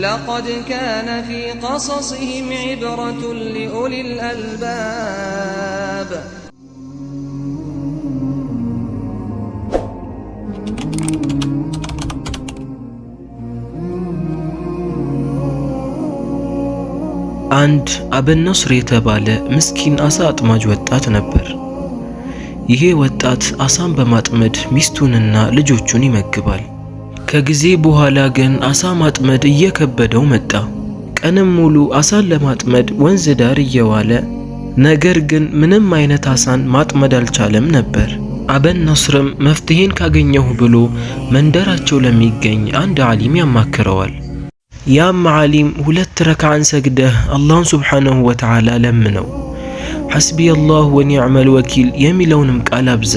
لقد كان في قصصهم عبرة لأولي الألباب አንድ አበን ነስር የተባለ ምስኪን አሳ አጥማጅ ወጣት ነበር። ይሄ ወጣት አሳን በማጥመድ ሚስቱንና ልጆቹን ይመግባል። ከጊዜ በኋላ ግን አሳ ማጥመድ እየከበደው መጣ። ቀንም ሙሉ አሳን ለማጥመድ ወንዝ ዳር እየዋለ ነገር ግን ምንም አይነት አሳን ማጥመድ አልቻለም ነበር። አበን ነስርም መፍትሄን ካገኘሁ ብሎ መንደራቸው ለሚገኝ አንድ ዓሊም ያማክረዋል። ያም ዓሊም ሁለት ረክዓን ሰግደህ አላህን ሱብሓነሁ ወተዓላ ለምነው፣ ሐስቢ አላህ ወኒዕመል ወኪል የሚለውንም ቃል አብዛ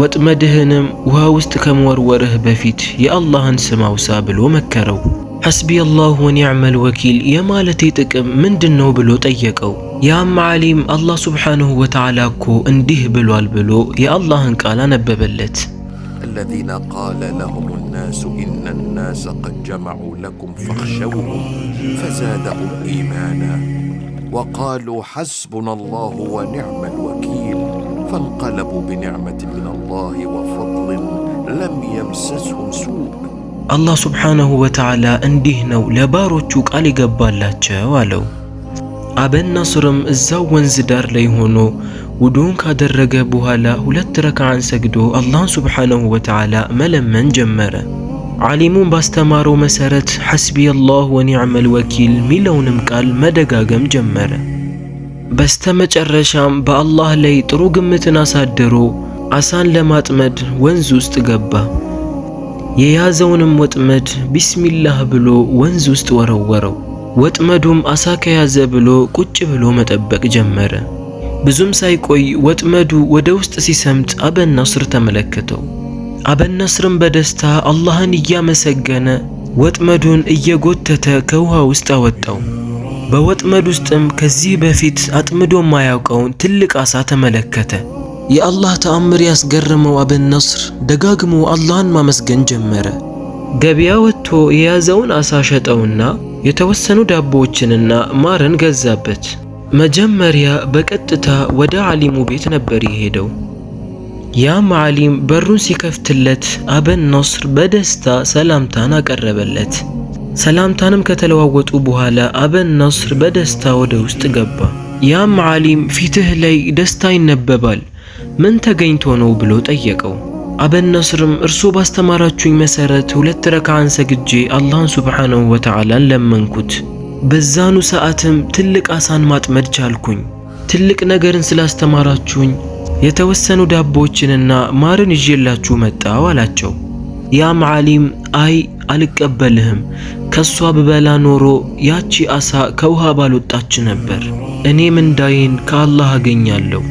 ወጥመድህንም ውሃ ውስጥ ከመወርወርህ በፊት የአላህን ስም አውሳ ብሎ መከረው። ሐስቢ አላሁ ወኒዕመል ወኪል የማለቴ ጥቅም ምንድን ነው ብሎ ጠየቀው። ያም ዓሊም አላህ ሱብሓነሁ ወተዓላ እኮ እንዲህ ብሏል ብሎ የአላህን ቃል አነበበለት። الذين قال لهم الناس إن الناس قد جمعوا لكم فاخشوهم فزادهم إيمانا وقالوا حسبنا الله ونعم الوكيل فانقلبوا بنعمة من الله وفضل ለም የምስስሁም ሱእ አላህ ሱብሓነሁ ወተዓላ እንዲህ ነው ለባሮቹ ቃል ይገባላቸው አለው። አበናስርም እዛው ወንዝ ዳር ላይ ሆኖ ውዱን ካደረገ በኋላ ሁለት ረክዓን ሰግዶ አላህን ሱብሓነሁ ወተዓላ መለመን ጀመረ። ዓሊሙን ባስተማረው መሰረት ሐስቢ አላህ ወኒዕመል ወኪል ሚለውንም ቃል መደጋገም ጀመረ። በስተመጨረሻም በአላህ ላይ ጥሩ ግምትን አሳድሮ አሳን ለማጥመድ ወንዝ ውስጥ ገባ። የያዘውንም ወጥመድ ቢስሚላህ ብሎ ወንዝ ውስጥ ወረወረው። ወጥመዱም አሳ ከያዘ ብሎ ቁጭ ብሎ መጠበቅ ጀመረ። ብዙም ሳይቆይ ወጥመዱ ወደ ውስጥ ሲሰምጥ አበናስር ተመለከተው። አበናስርም በደስታ አላህን እያመሰገነ ወጥመዱን እየጎተተ ከውሃ ውስጥ አወጣው። በወጥመድ ውስጥም ከዚህ በፊት አጥምዶ የማያውቀውን ትልቅ አሳ ተመለከተ። የአላህ ተአምር ያስገረመው አብን ነስር ደጋግሞ አላህን ማመስገን ጀመረ። ገበያ ወጥቶ የያዘውን አሳ ሸጠውና የተወሰኑ ዳቦዎችንና ማርን ገዛበት። መጀመሪያ በቀጥታ ወደ ዓሊሙ ቤት ነበር የሄደው። ያም ዓሊም በሩን ሲከፍትለት አብን ነስር በደስታ ሰላምታን አቀረበለት። ሰላምታንም ከተለዋወጡ በኋላ አበን ናስር በደስታ ወደ ውስጥ ገባ። ያም ዓሊም ፊትህ ላይ ደስታ ይነበባል፣ ምን ተገኝቶ ነው ብሎ ጠየቀው። አበን ናስርም እርሶ ባስተማራችሁኝ መሰረት ሁለት ረካዓን ሰግጄ አላህን ሱብሓነሁ ወተዓላን ለመንኩት። በዛኑ ሰዓትም ትልቅ አሳን ማጥመድ ቻልኩኝ። ትልቅ ነገርን ስላስተማራችሁኝ የተወሰኑ ዳቦዎችንና ማርን ይዤላችሁ መጣው አላቸው። ያም ዓሊም አይ አልቀበልህም፣ ከሷ ብበላ ኖሮ ያቺ አሳ ከውሃ ባልወጣች ነበር። እኔ ምንዳዬን ከአላህ አገኛለሁ፣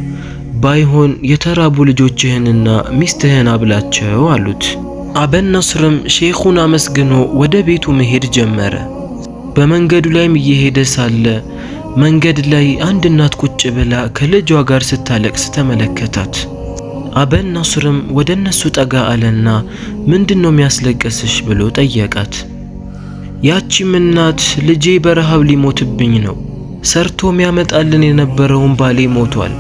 ባይሆን የተራቡ ልጆችህንና ሚስትህን አብላቸው አሉት። አበነስርም ሼኹን አመስግኖ ወደ ቤቱ መሄድ ጀመረ። በመንገዱ ላይም እየሄደ ሳለ መንገድ ላይ አንድ እናት ቁጭ ብላ ከልጇ ጋር ስታለቅስ ተመለከታት። አበን ናሱርም ወደ እነሱ ጠጋ አለና ምንድን ነው የሚያስለቅስሽ ብሎ ጠየቃት። ያቺም እናት ልጄ በረሃብ ሊሞትብኝ ነው፣ ሰርቶ የሚያመጣልን የነበረውን ባሌ ሞቷል፣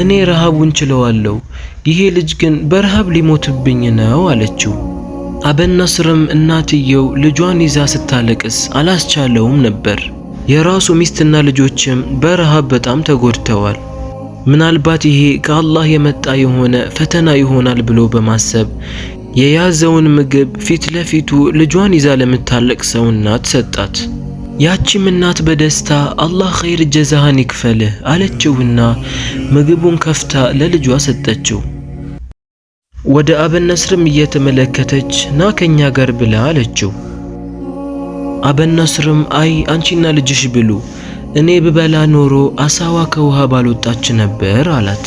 እኔ ረሃቡን ችለዋለሁ፣ ይሄ ልጅ ግን በረሃብ ሊሞትብኝ ነው አለችው። አበን ናስርም እናትየው ልጇን ይዛ ስታለቅስ አላስቻለውም ነበር። የራሱ ሚስትና ልጆችም በረሃብ በጣም ተጎድተዋል። ምናልባት ይሄ ከአላህ የመጣ የሆነ ፈተና ይሆናል ብሎ በማሰብ የያዘውን ምግብ ፊት ለፊቱ ልጇን ይዛ ለምታለቅ ሰው እናት ሰጣት። ያቺም እናት በደስታ አላህ ኸይር ጀዛህን ይክፈልህ አለችውና ምግቡን ከፍታ ለልጇ ሰጠችው። ወደ አበነስርም እየተመለከተች ና ከኛ ጋር ብላ አለችው። አበነስርም አይ አንቺና ልጅሽ ብሉ እኔ ብበላ ኖሮ አሳዋ ከውሃ ባልወጣች ነበር አላት።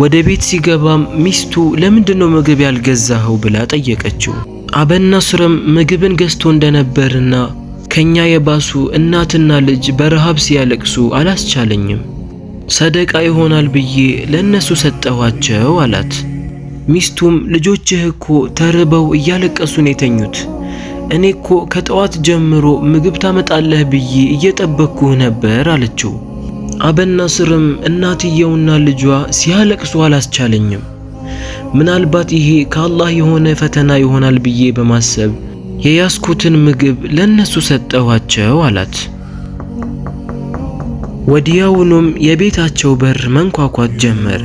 ወደ ቤት ሲገባም ሚስቱ ለምንድን ነው ምግብ ያልገዛኸው ብላ ጠየቀችው። አበና ስረም ምግብን ገዝቶ እንደነበርና ከኛ የባሱ እናትና ልጅ በረሃብ ሲያለቅሱ አላስቻለኝም፣ ሰደቃ ይሆናል ብዬ ለእነሱ ሰጠኋቸው አላት። ሚስቱም ልጆችህ እኮ ተርበው ነው የተኙት እኔ እኮ ከጠዋት ጀምሮ ምግብ ታመጣለህ ብዬ እየጠበቅኩህ ነበር አለችው። አበናስርም እናትየውና ልጇ ሲያለቅሱ አላስቻለኝም። ምናልባት ይሄ ከአላህ የሆነ ፈተና ይሆናል ብዬ በማሰብ የያስኩትን ምግብ ለእነሱ ሰጠኋቸው አላት። ወዲያውኑም የቤታቸው በር መንኳኳት ጀመረ።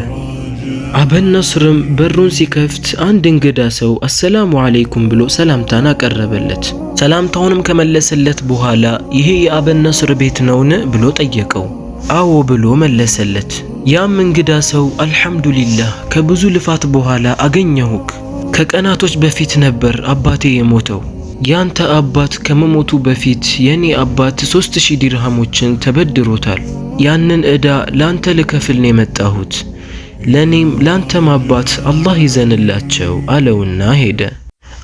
አበናስርም በሩን ሲከፍት አንድ እንግዳ ሰው አሰላሙ አለይኩም ብሎ ሰላምታን አቀረበለት። ሰላምታውንም ከመለሰለት በኋላ ይሄ የአበናስር ቤት ነውን ብሎ ጠየቀው። አዎ ብሎ መለሰለት። ያም እንግዳ ሰው አልሐምዱሊላህ ከብዙ ልፋት በኋላ አገኘሁክ። ከቀናቶች በፊት ነበር አባቴ የሞተው። ያንተ አባት ከመሞቱ በፊት የኔ አባት ሶስት ዲርሃሞችን ተበድሮታል። ያንን ዕዳ ላንተ ልከፍል ነው የመጣሁት ለእኔም ለአንተም አባት አላህ ይዘንላቸው አለውና ሄደ።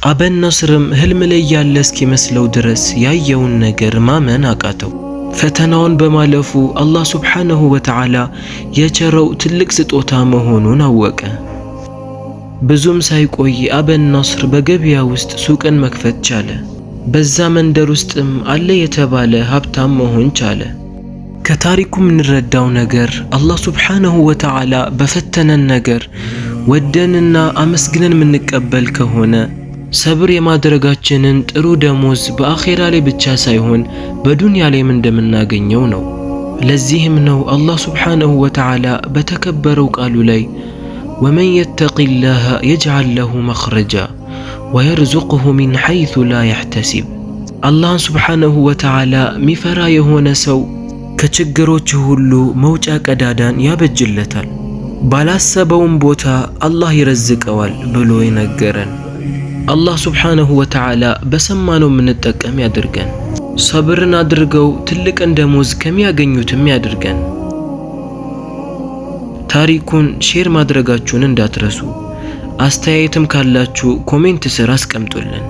አበን ነስርም ህልም ላይ ያለ እስኪመስለው ድረስ ያየውን ነገር ማመን አቃተው። ፈተናውን በማለፉ አላህ ሱብሓነሁ ወተዓላ የቸረው ትልቅ ስጦታ መሆኑን አወቀ። ብዙም ሳይቆይ አበን ነስር በገበያ ውስጥ ሱቅን መክፈት ቻለ። በዛ መንደር ውስጥም አለ የተባለ ሀብታም መሆን ቻለ። ከታሪኩ የምንረዳው ነገር አላህ ሱብሓነሁ ወተዓላ በፈተነን ነገር ወደንና አመስግነን የምንቀበል ከሆነ ሰብር የማድረጋችንን ጥሩ ደሞዝ በአኼራ ላይ ብቻ ሳይሆን በዱንያ ላይም እንደምናገኘው ነው። ለዚህም ነው አላህ ሱብሓነሁ ወተዓላ በተከበረው ቃሉ ላይ ወመን የተቂላህ የጅዓል ለሁ መኽረጃ ወየርዙቅሁ ሚን ሐይቱ ላ ያሕተሲብ አላህን ሱብሓነሁ ወተዓላ ሚፈራ የሆነ ሰው ከችግሮች ሁሉ መውጫ ቀዳዳን ያበጅለታል። ባላሰበውም ቦታ አላህ ይረዝቀዋል ብሎ ይነገረን አላህ ሱብሓነሁ ወተዓላ በሰማነው የምንጠቀም ያድርገን። ሰብርን አድርገው ትልቅን ደሞዝ ከሚያገኙትም ያድርገን። ታሪኩን ሼር ማድረጋችሁን እንዳትረሱ። አስተያየትም ካላችሁ ኮሜንት ስር አስቀምጡልን።